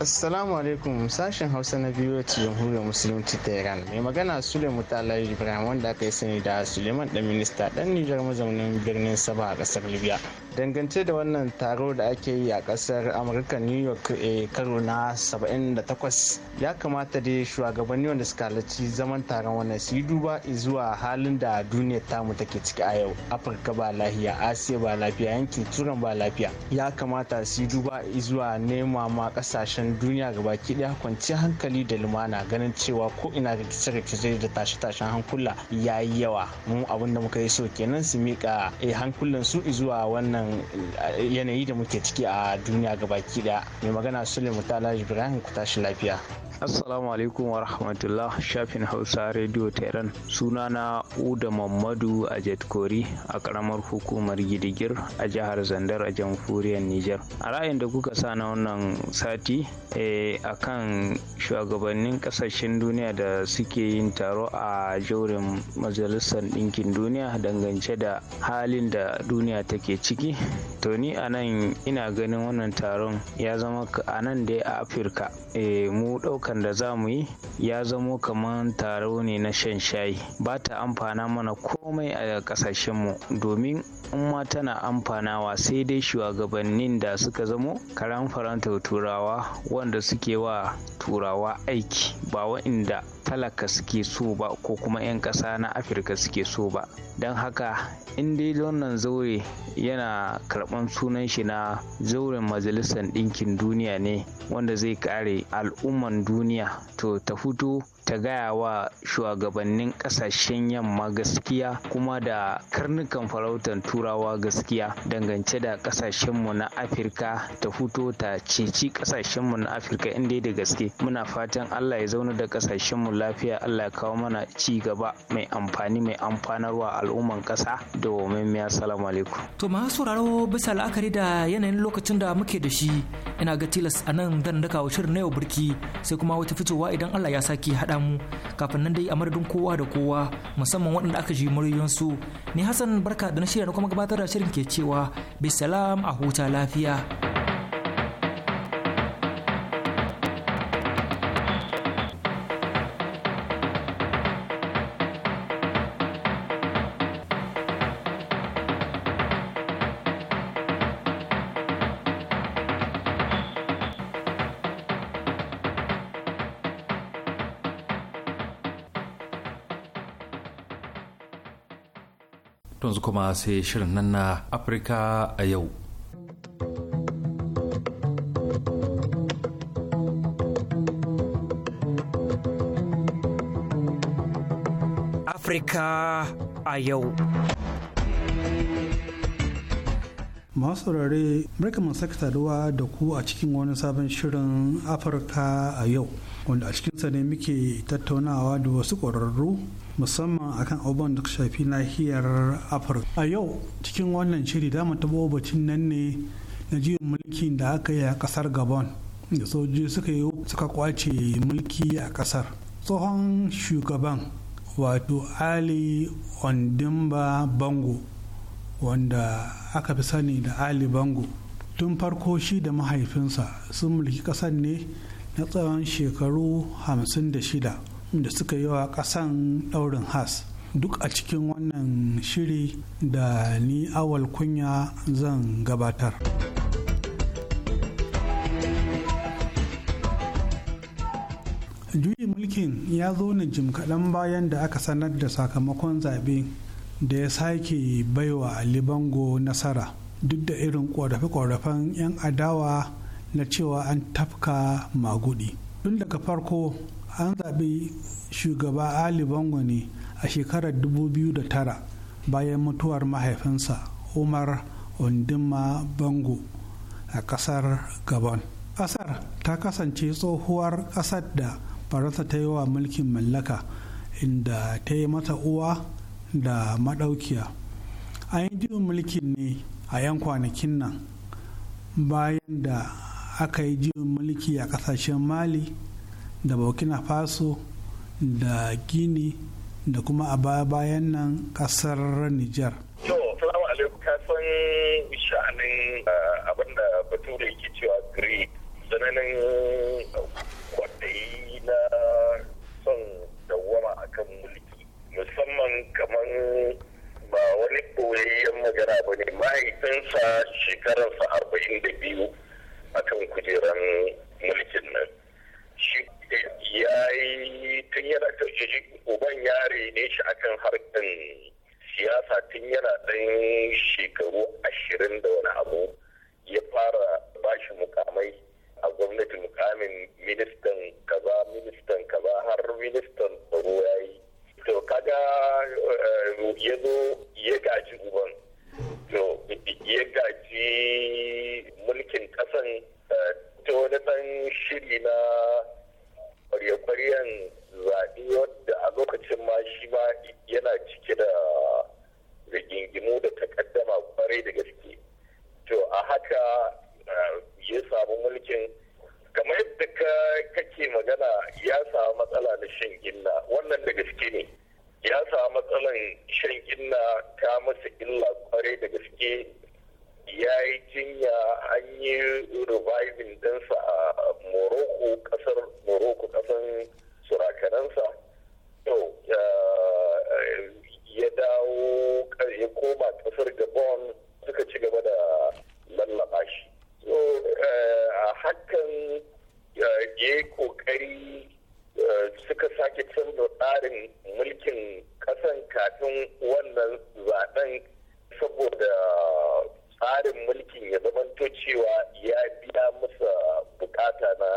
Assalamu alaikum sashen Hausa na biyu jamhuriyar musulunci ta Iran. Mai magana Sule Mutala Ibrahim wanda aka yi sani da Suleiman dan minista ɗan Nijar mazaunin birnin Saba a kasar Libya. Dangance da wannan taro da ake yi a kasar Amurka New York a eh, karo na 78 ya kamata da shugabanni wanda suka halarci zaman taron wannan su yi duba zuwa halin da duniya duniyar tamu take ciki a yau. Afirka ba lafiya, Asiya ba lafiya, yankin Turan ba lafiya. Ya kamata su yi duba zuwa nema ma kasashen kasashen duniya baki daya kwanci hankali da lumana ganin cewa ko ina ga kice-kice da tashe-tashen hankula ya yi yawa mu abin da muka yi so kenan su mika eh, hankulan su zuwa wannan eh, yanayi da muke ciki a duniya baki daya mai magana sule mutala ibrahim ku tashi lafiya Assalamu alaikum wa rahmatullah shafin Hausa Radio Tehran suna na Uda Mamadu a Kori a karamar hukumar Gidigir a jihar Zandar a jamhuriyar Nijar. A ra'ayin da kuka sa na wannan sati eh, a kan shugabannin kasashen duniya da suke yin taro a jaurin majalisar ɗinkin duniya dangance da halin da duniya take ciki. To ni a nan ina ganin wannan taron ya zama a nan dai a Afirka eh, mu ayyukan da za mu yi ya zamo kamar taro ne na shan shayi ba ta amfana mana komai a ƙasashenmu domin in ma tana amfanawa sai dai shugabannin da suka zamo karan faranta turawa wanda suke wa turawa aiki ba wa'inda talaka suke so ba ko kuma 'yan ƙasa na afirka suke so ba don haka in dai wannan zaure yana karɓan sunan shi na zauren majalisar ɗinkin duniya ne wanda zai kare al'umman duniya duniya to ta fito ta gaya wa shugabannin kasashen yamma gaskiya kuma da karnukan farautan turawa gaskiya dangance da kasashenmu na afirka ta fito ta ceci ƙasashenmu na afirka inda da gaske muna fatan allah ya zauna da ƙasashenmu lafiya allah ya kawo mana ci gaba mai amfani mai amfanarwa al'umman ƙasa da miya salamu alaikum to masu sauraro bisa la'akari da yanayin lokacin da muke da shi ina ga tilas a nan zan daka wa shirin na yau birki sai kuma wata fitowa idan allah ya saki haɗa mu kafin nan dai a madadin kowa da kowa musamman waɗanda aka ji muryoyinsu ni Hassan barka da na shirya na kuma gabatar da shirin ke cewa bisalam a huta lafiya. kuma sai shirin nan na afirka a yau afirka a yau masu saurare birkin masu saduwa da ku a cikin wani sabon shirin afirka a yau wanda a cikinsa ne muke tattaunawa da wasu ƙwararru musamman akan abubuwan da shafi nahiyar afirka a yau cikin wannan shiri da taɓa batun nan ne na jiyon mulkin da aka yi a ƙasar gabon da sojoji suka yi suka kwace mulki a ƙasar. tsohon shugaban wato ali ondimba bango wanda aka fi sani da ali bango tun farko shi da mahaifinsa sun mulki ƙasar ne na tsawon shekaru 56 da suka yi wa ƙasan ɗaurin has duk a cikin wannan shiri da ni awal kunya zan gabatar. juyi mulkin ya zo ne jim kaɗan bayan da aka sanar da sakamakon zaɓe da ya sake baiwa ali bango nasara duk da irin ƙorafe-ƙorafen 'yan adawa na cewa an tafka magudi tun daga farko an zaɓi shugaba ali bango ne a shekarar 2009 bayan mutuwar mahaifinsa umar undima bango a ƙasar gabon ƙasar ta kasance tsohuwar ƙasar da faransa ta yi wa mulkin mallaka inda ta yi mata uwa da maɗaukiya an yi jin mulkin ne a 'yan kwanakin nan bayan da aka yi jin mulki a ƙasashen mali da burkina faso da gini da kuma a baya bayan nan kasar niger to salamu alaikum ka san sha'anin eh, abin da bature yake cewa greed sananin kwadayi na son dawama akan mulki musamman kamar ba wani koyayyen magana ba ne mahaifinsa shekararsa arba'in da biyu akan kujeran mulkin nan ya yi tun yana ta uban yare ne shi akan harkan siyasa tun yana ɗan shekaru ashirin da wani abu ya fara bashi mukamai a gwamnati mukamin ministan kaza ministan kaza har ministan tsaro ya yi to kaga eh, ya zo ya gaji uban to ya gaji mulkin ƙasan. Eh, ta wani ɗan shiri na kwarye-kwaryen zaɓi wadda a lokacin ma shi ma yana cike da rigingimu da takaddama kwarai da gaske to a haka ya samu mulkin kamar yadda kake magana ya samu matsala na shan inna wannan da gaske ne ya samu matsalan shan inna ta masa illa kwarai da gaske ya yi jinya an yi reviving dinsa a morocco kasar morocco kasan surakaransa eh, ya dawo ya koma kasar gabon suka ci gaba da lallaba shi so eh, a hakan eh, ya yi kokari suka sake canza tsarin mulkin kasan kafin wannan zaben saboda tsarin mulkin ya zamanto cewa ya biya musa bukata na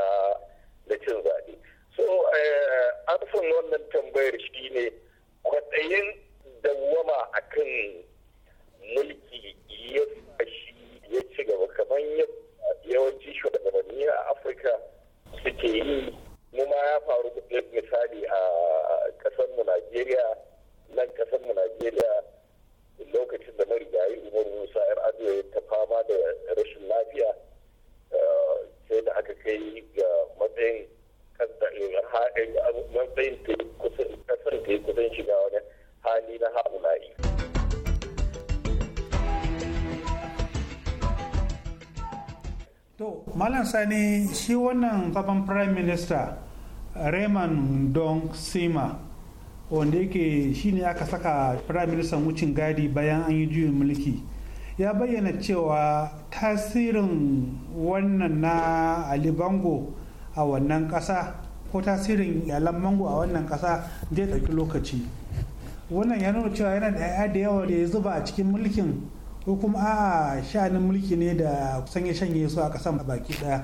na cin zaɓe so eh, amsan wannan tambayar shi ne kwaɗayin dawwama kan mulki ya shi ya ci gaba kamar yawanci shugabanni a afirka suke yi mu ma ya faru misali a ƙasarmu najeriya nan ƙasarmu najeriya lokacin da marigayi umar musa yar ado ya ta fama da rashin lafiya eh, sai da aka kai ga matsayin eh, eh, matsayin ta kusan ta yi kusan shiga wani hali na haulayi. To, Malam Sani shi wannan zaben Prime Minister Raymond Don Sima wanda yake shine aka saka firaministan wucin gadi bayan an yi juyin mulki ya bayyana cewa tasirin wannan na ali bango a wannan ƙasa ko tasirin yalan mango a wannan ƙasa zai ɗauki lokaci wannan ya nuna cewa yana da 'ya'ya da yawa da ya zuba a cikin mulkin ko kuma a'a sha'anin mulki ne da kusan ya shanye su a ƙasan baki ɗaya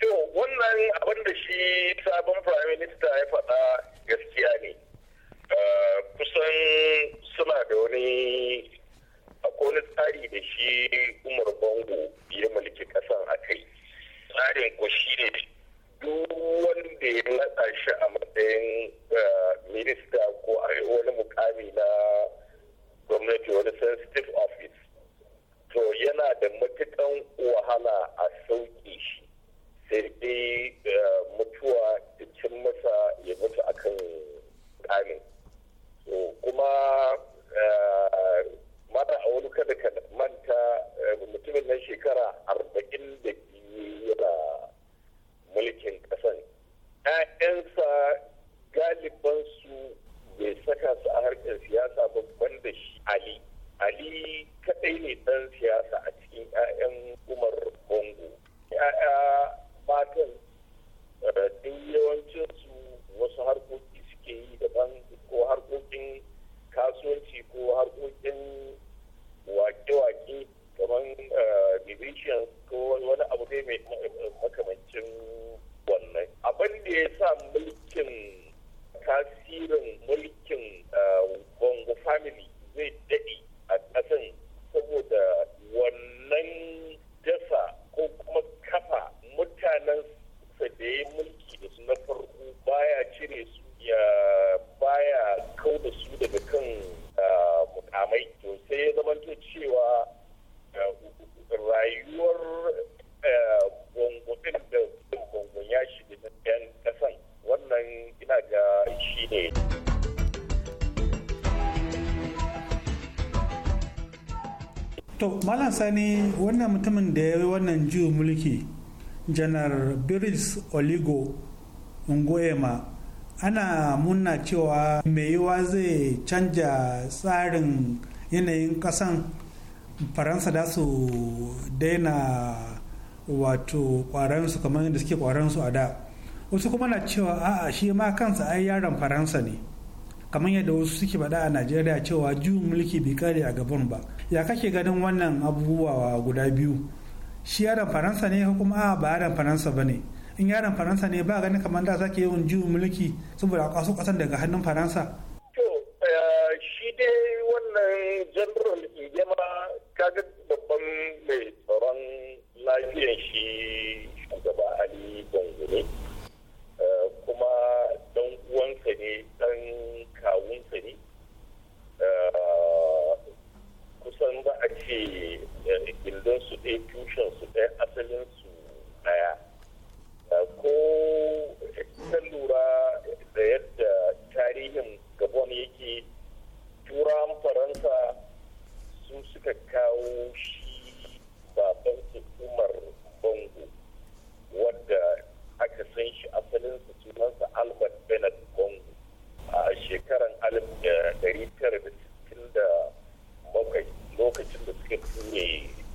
to wannan abin da shi sabon prime ya faɗa gaskiya ne kusan suna da wani akwai wani tsari da shi umar bango ya mulki kasan a kai tsarin ko shi ne duk wanda ya latsa shi a matsayin eh, minista ko a wani mukami na gwamnati wani sensitive office to yana da matukan wahala a sauƙi shi sai dai eh, mutuwa da cin masa ya mutu akan kamin kuma eh, mata a wani kada ka manta eh, mutumin na shekara arba'in da biyu yana mulkin ƙasan ‘ya'yansa galibansu bai saka su a harkar siyasa babban da shi ali ali kaɗai ne dan siyasa a cikin 'ya'yan umar bongo 'ya'ya matan eh, duk su wasu harkoki suke yi daban ko harkokin kasuwanci ko harkokin wake-wake kamar eh, division ko wani abu dai mai eh, makamancin wannan abin da ya sa mulkin tasirin mulkin eh, bongo family zai daɗe a ƙasan saboda wannan dasa ko kuma kafa mutanen da ya mulki da su na farko baya cire su ya baya kau da su daga kan ah, mukamai to sai ya zamanta cewa ah, rayuwar ah, gungunin da gungun ya shiga na 'yan kasan wannan ina ga shi ne to malam sani wannan mutumin da ya yi wannan juyin mulki janar biris oligo ngoema ana munna cewa mai yiwa zai canja tsarin yanayin kasan faransa da su daina wato kwaransu kamar yadda suke kwaransu a da wasu kuma na cewa a'a shi ma kansa ai yaron faransa ne kamar yadda wasu suke faɗa a najeriya cewa juyin mulki bai kare a gaban ba ya kake ganin wannan abubuwa guda biyu shi yaron faransa ne kuma a'a ba yaron faransa ba ne in yaron faransa ne ba ganin kamar da zaki yawan juyin mulki saboda a kwaso kasan daga hannun faransa to eh, shi dai wannan general igema kaga babban mai tsaron lafiyar shi shugaba ali bongo eh, kuma dan uwansa ne dan kawunsa ne eh, kusan ba a ce gindinsu ɗaya tushensu ɗaya asalinsu ɗaya ko kan lura da yadda tarihin gabon yake turan faransa su suka kawo shi baban umar bongo wadda aka san shi asalinsa sunansa albert bennett bango a shekaran 1967 eh, lokacin da suka ture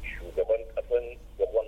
shugaban kasan gabon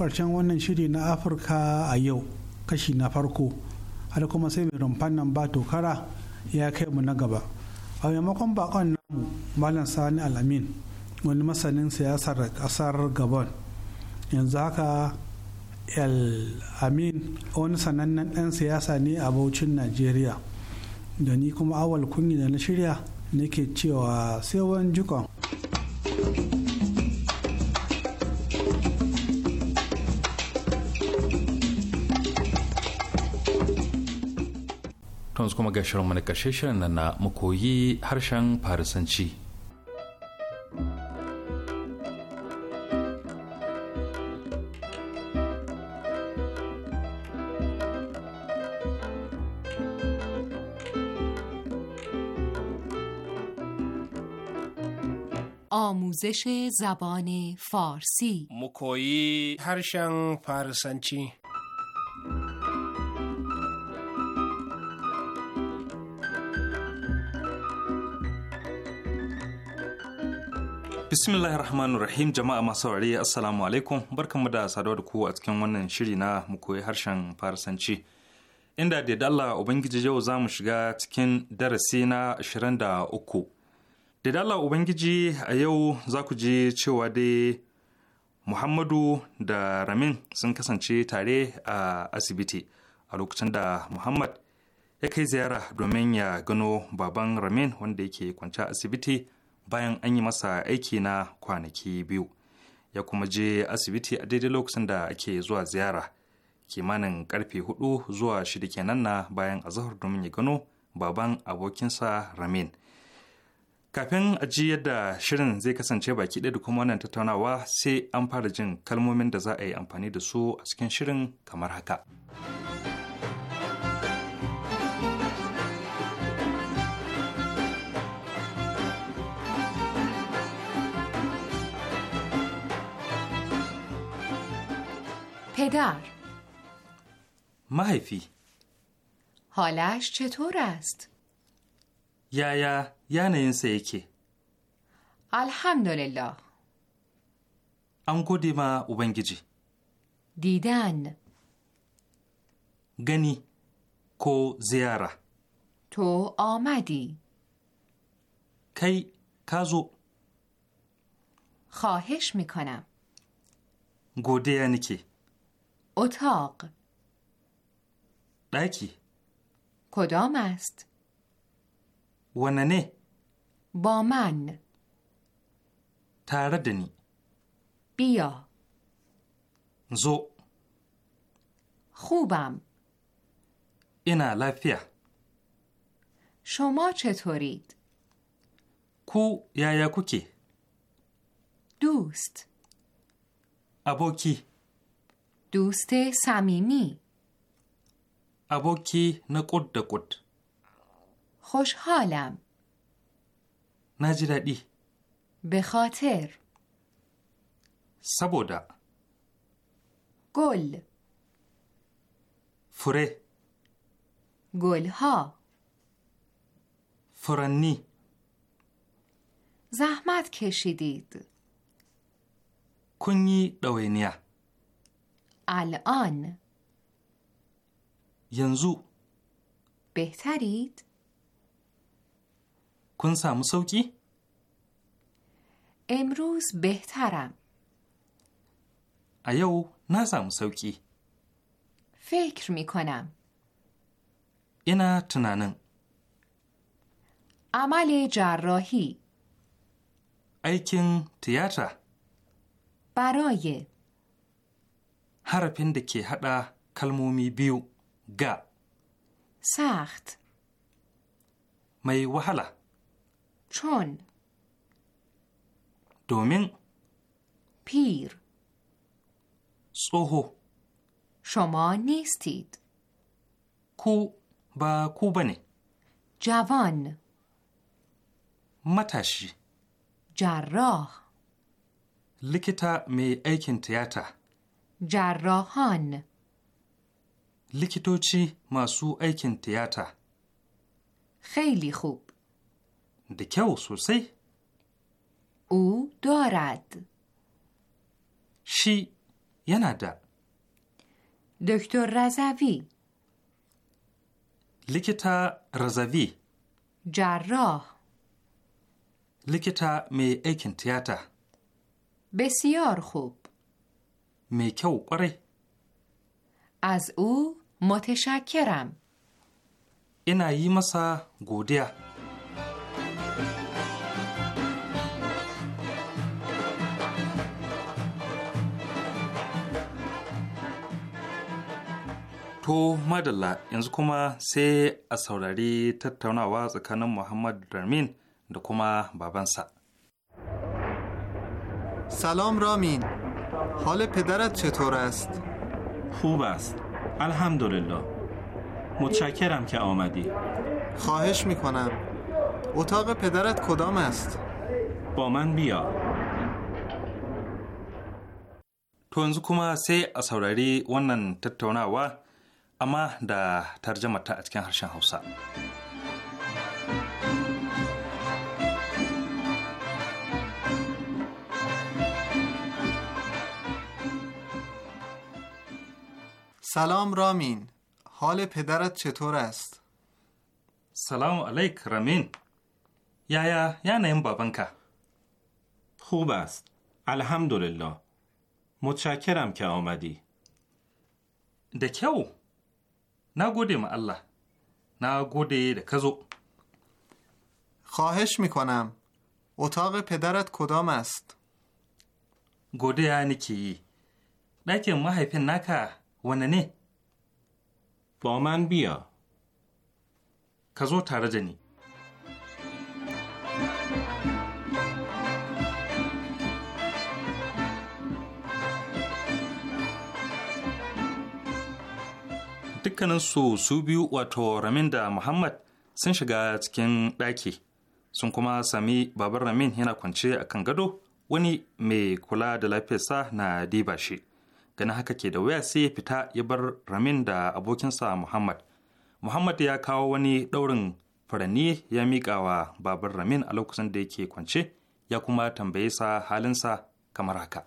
ƙarshen wannan shiri na afirka a yau kashi na farko har kuma sai mai rumfan nan ba tokara ya kai mu na gaba a maimakon bakon namu malam sani alamin wani masanin siyasar kasar gabon yanzu haka el amin wani sanannen dan siyasa ne a baucin najeriya da ni kuma awal kungi da na shirya nake cewa sai wani jikon yanzu kuma ga shirin na karshe shirin nan na koyi harshen farisanci آموزش زبان فارسی مکویی هرشن فارسنچی Bismillahirrahmanirrahim jama'a masu saurare assalamu alaikum barkanmu da saduwa da ku a cikin wannan shiri na mu koyi harshen Farsanci. Inda da dalla Ubangiji yau za mu shiga cikin darasi na 23. Da dalla Ubangiji a yau za ku ji cewa dai Muhammadu da Ramin sun kasance tare a asibiti a lokacin da Muhammad ya kai ziyara domin ya gano baban Ramin wanda yake kwance asibiti. bayan an yi masa aiki na kwanaki biyu ya kuma je asibiti a daidai lokacin da ake zuwa ziyara kimanin karfe hudu zuwa shida kenan na bayan a zahar domin ya gano baban abokinsa ramin kafin a ji yadda shirin zai kasance baki ɗaya da kuma wannan tattaunawa sai an fara jin kalmomin da za a yi amfani da su a cikin shirin kamar haka. پدر مهفی حالش چطور است؟ یا یا یا نینسه ایکی الحمدلله ان دیما او اوبنگیجی دیدن گنی کو زیاره تو آمدی کی کازو خواهش میکنم گوده یعنی که اتاق بکی کدام است؟ وننه با من تردنی بیا زو خوبم اینا لافیه شما چطورید؟ کو یا یا کی؟ دوست ابوکی دوست صمیمی ابوکی نقد دکود. خوشحالم نجردی به خاطر سبودا گل فره گلها فرنی زحمت کشیدید کنی دوینیه الان ینزو بهترید؟ کن سامو امروز بهترم ایو نه سامو سوکی فکر می کنم اینا تنانن عمل جراحی ایکن تیاتر برای harafin da ke haɗa kalmomi biyu ga. Sacht. Mai wahala. Chon. Domin. Fir. Tsoho. Shoma nistid. Ku ba ku ba ne. Javan. Matashi. Jarrah. Likita mai aikin tiyata. جراحان لیکیتوچی ماسو ایکن تیاتا خیلی خوب دکه سوسی او دارد شی یه دکتر رزوی لیکتا رزوی جراح لیکتا می ایکن تیاتا بسیار خوب میکو قره از او متشکرم Ina yi masa godiya. To madalla yanzu kuma sai a saurari tattaunawa tsakanin Muhammad Ramin da kuma babansa. Salam Ramin. حال پدرت چطور است؟ خوب است الحمدلله متشکرم که آمدی خواهش میکنم اتاق پدرت کدام است؟ با من بیا تو سه سی sai ونن ونن و، اما amma ترجمه تا a cikin harshen سلام رامین حال پدرت چطور است؟ سلام علیک رامین یا یا یا نیم بابنکا خوب است الحمدلله متشکرم که آمدی دکه او، نه گوده ما الله نه گوده ده کزو خواهش میکنم اتاق پدرت کدام است؟ گوده یعنی که لیکن حیفه نکه wane ne? با ka zo tare da ni. Dukkaninsu su biyu wato Ramin da Muhammad sun shiga cikin ɗaki, sun kuma sami babar Ramin yana kwance a kan gado wani mai kula da lafiyarsa na diba shi. ganin haka ke da waya sai ya fita ya bar ramin da abokinsa muhammad muhammad ya kawo wani ɗaurin furanni ya miƙa wa babar ramin a lokacin da yake kwance ya kuma tambaye sa halinsa kamar haka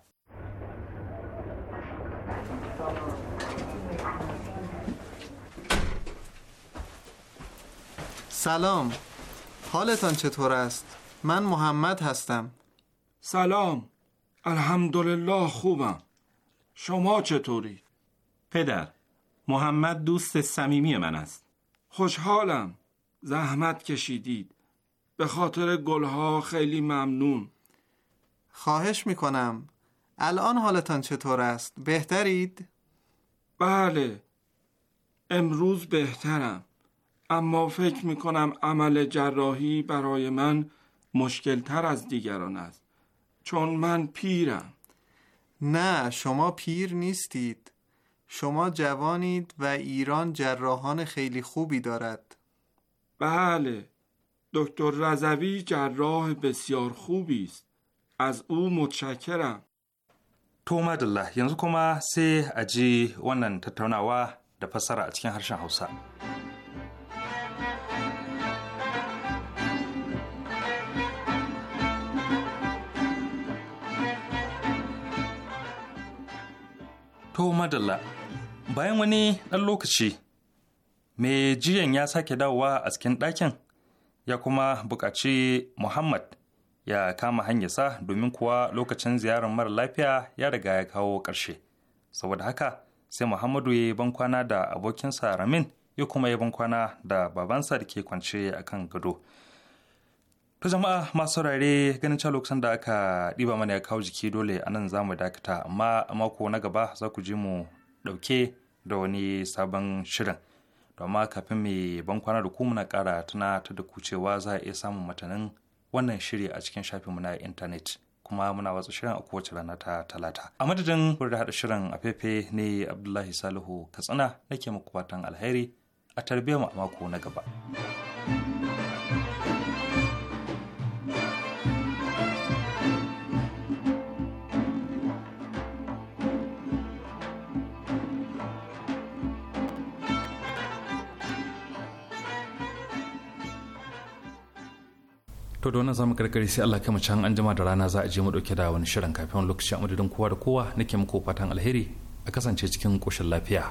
سلام حالتان چطور است؟ من محمد هستم سلام الحمدلله خوبم شما چطورید؟ پدر محمد دوست صمیمی من است خوشحالم زحمت کشیدید به خاطر گلها خیلی ممنون خواهش میکنم الان حالتان چطور است؟ بهترید؟ بله امروز بهترم اما فکر میکنم عمل جراحی برای من مشکلتر از دیگران است چون من پیرم نه شما پیر نیستید شما جوانید و ایران جراحان خیلی خوبی دارد بله دکتر رزوی جراح بسیار خوبی است از او متشکرم تو الله ینزو کما سه اجی ونن و د پسر پسر هرشن To madalla, bayan wani ɗan lokaci, mai jiyan ya sake dawowa a cikin ɗakin ya kuma buƙaci Muhammad ya kama hanyarsa domin kuwa lokacin ziyarar mara lafiya ya riga ya kawo ƙarshe. Saboda haka, sai Muhammadu ya yi bankwana da abokinsa Ramin ya kuma yi bankwana da babansa da ke kwance a kan gado. To jama'a masu saurare ganin cewa lokacin da aka ɗiba mana ya kawo jiki dole a nan za mu dakata amma a mako na gaba za ku ji mu ɗauke da wani sabon shirin amma kafin mai ban kwana da ku muna ƙara tana ta da ku cewa za a iya samun matanin wannan shiri a cikin mu na intanet kuma muna watsa shirin a kowace rana ta talata a madadin da haɗa shirin a fefe ne abdullahi salihu katsina nake muku fatan alheri a tarbiyyar mako na gaba. to da wannan zamu karkare sai Allah kama can an da rana za a je mu dauke da wani shirin kafin lokacin amadadin kowa da kowa nake muku fatan alheri a kasance cikin koshin lafiya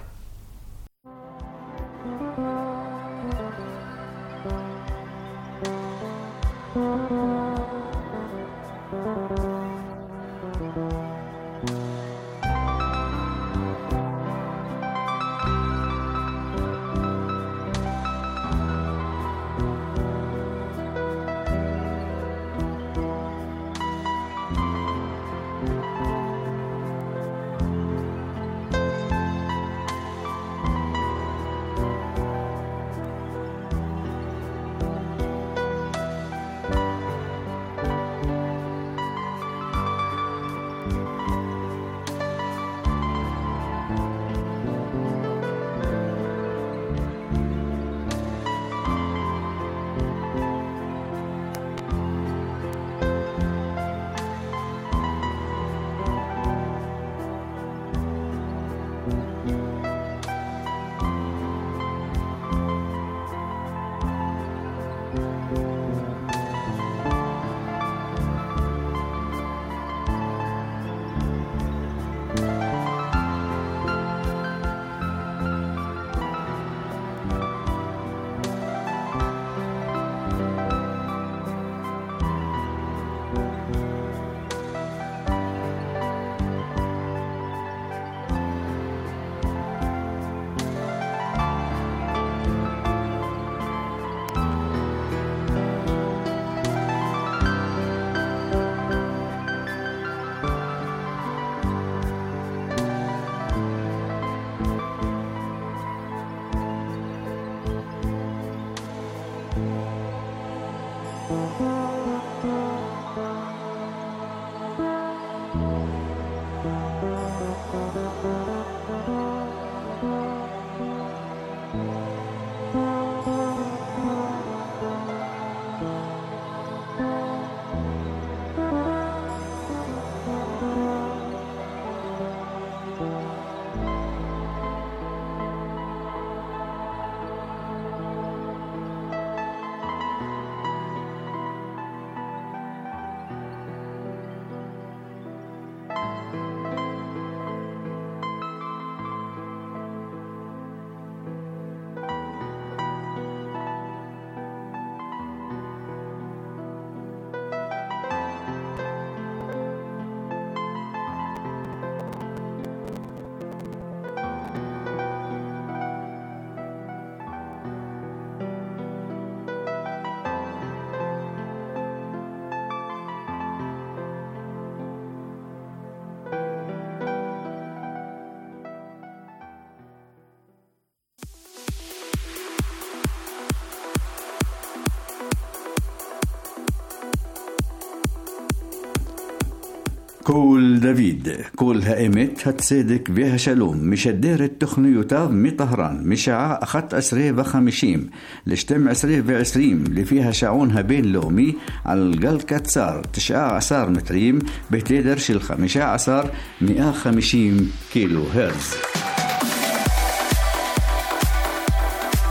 كول دافيد كول هائمت هتسيدك بها شلوم مش الدير التخني يتاب مي طهران مشاعة أخت أسري بخمشيم لشتم أسري بعسريم اللي فيها شعونها بين لومي على القل كتسار تشعى عصار متريم بتدرش الخمشة عصار مئة خمشيم كيلو هرتز